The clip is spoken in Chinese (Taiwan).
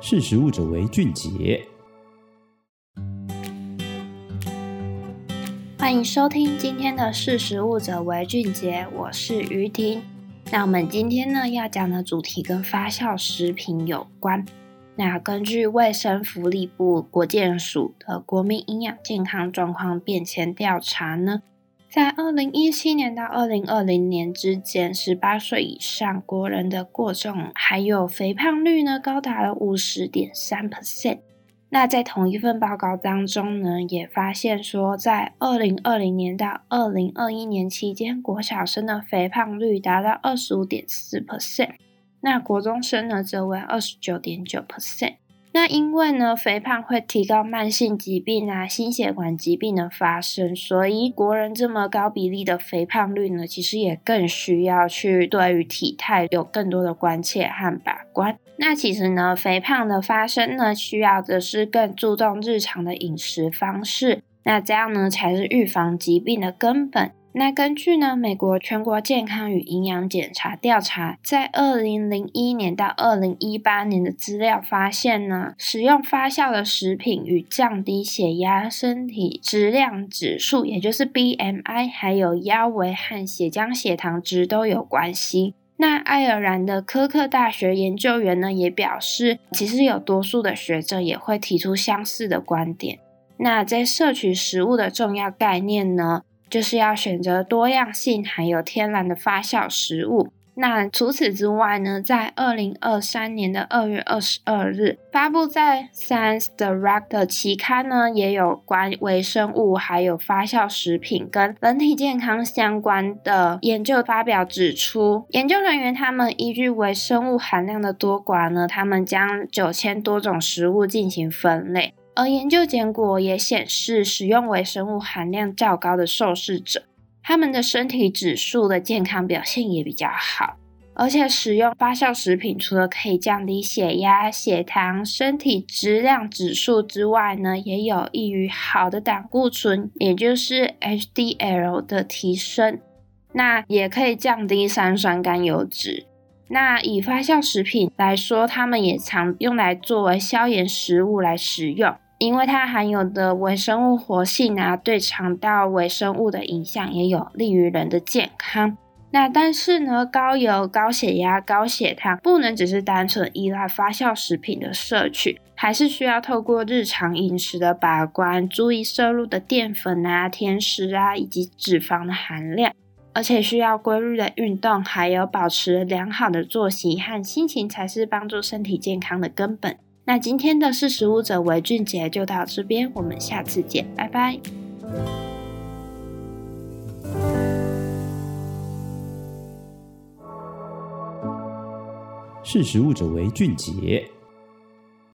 識食物者為俊傑。歡迎收聽今天的《識食物者為俊傑》，我是妤婷。那我們今天呢，要講的主題跟發酵食品有關。那根據衛生福利部國健署的國民營養健康狀況變遷調查呢，在二零一七年到二零二零年之間，十八歲以上國人的過重還有肥胖率呢，高達了五十點三 percent。那在同一份報告當中呢，也發現說，在二零二零年到二零二一年期間，國小生的肥胖率達到二十五點四 percent，那國中生呢則為二十九點九 percent。那因為呢，肥胖會提高慢性疾病啊、心血管疾病的發生，所以國人這麼高比例的肥胖率呢，其實也更需要去對於體態有更多的關切和把關。那其實呢，肥胖的發生呢，需要的是更注重日常的飲食方式，那這樣呢，才是預防疾病的根本。那根據呢，美國全國健康與營養檢查調查，在二零零一年到二零一八年的資料發現呢，使用發酵的食品與降低血壓、身體質量指數，也就是 BMI，還有腰圍和血漿血糖值都有關係。那愛爾蘭的科克大學研究員呢也表示，其實有多數的學者也會提出相似的觀點。那在攝取食物的重要概念呢？就是要選擇多樣性，含有天然的發酵食物。那除此之外呢，在二零二三年的二月二十二日，發布在《Science Direct》的期刊呢，也有關微生物還有發酵食品跟人體健康相關的研究發表指出，研究人員他們依據微生物含量的多寡呢，他們將九千多種食物進行分類。而研究結果也顯示，使用微生物含量較高的受試者，他們的身體指數的健康表現也比較好。而且，使用發酵食品，除了可以降低血壓、血糖、身體質量指數之外呢，也有益於好的膽固醇，也就是 HDL 的提升。那也可以降低三酸甘油脂。那以發酵食品來說，他們也常用來作為消炎食物來食用。因為它含有的微生物活性啊，對腸道微生物的影響也有利於人的健康。那但是呢，高油、高血壓、高血糖不能只是單純依賴發酵食品的攝取，還是需要透過日常飲食的把關，注意攝入的澱粉啊、甜食啊以及脂肪的含量，而且需要規律的運動，還有保持良好的作息和心情，才是幫助身體健康的根本。那今天的“識食物者為俊傑”就到這邊，我們下次見，拜拜。“識食物者為俊傑”。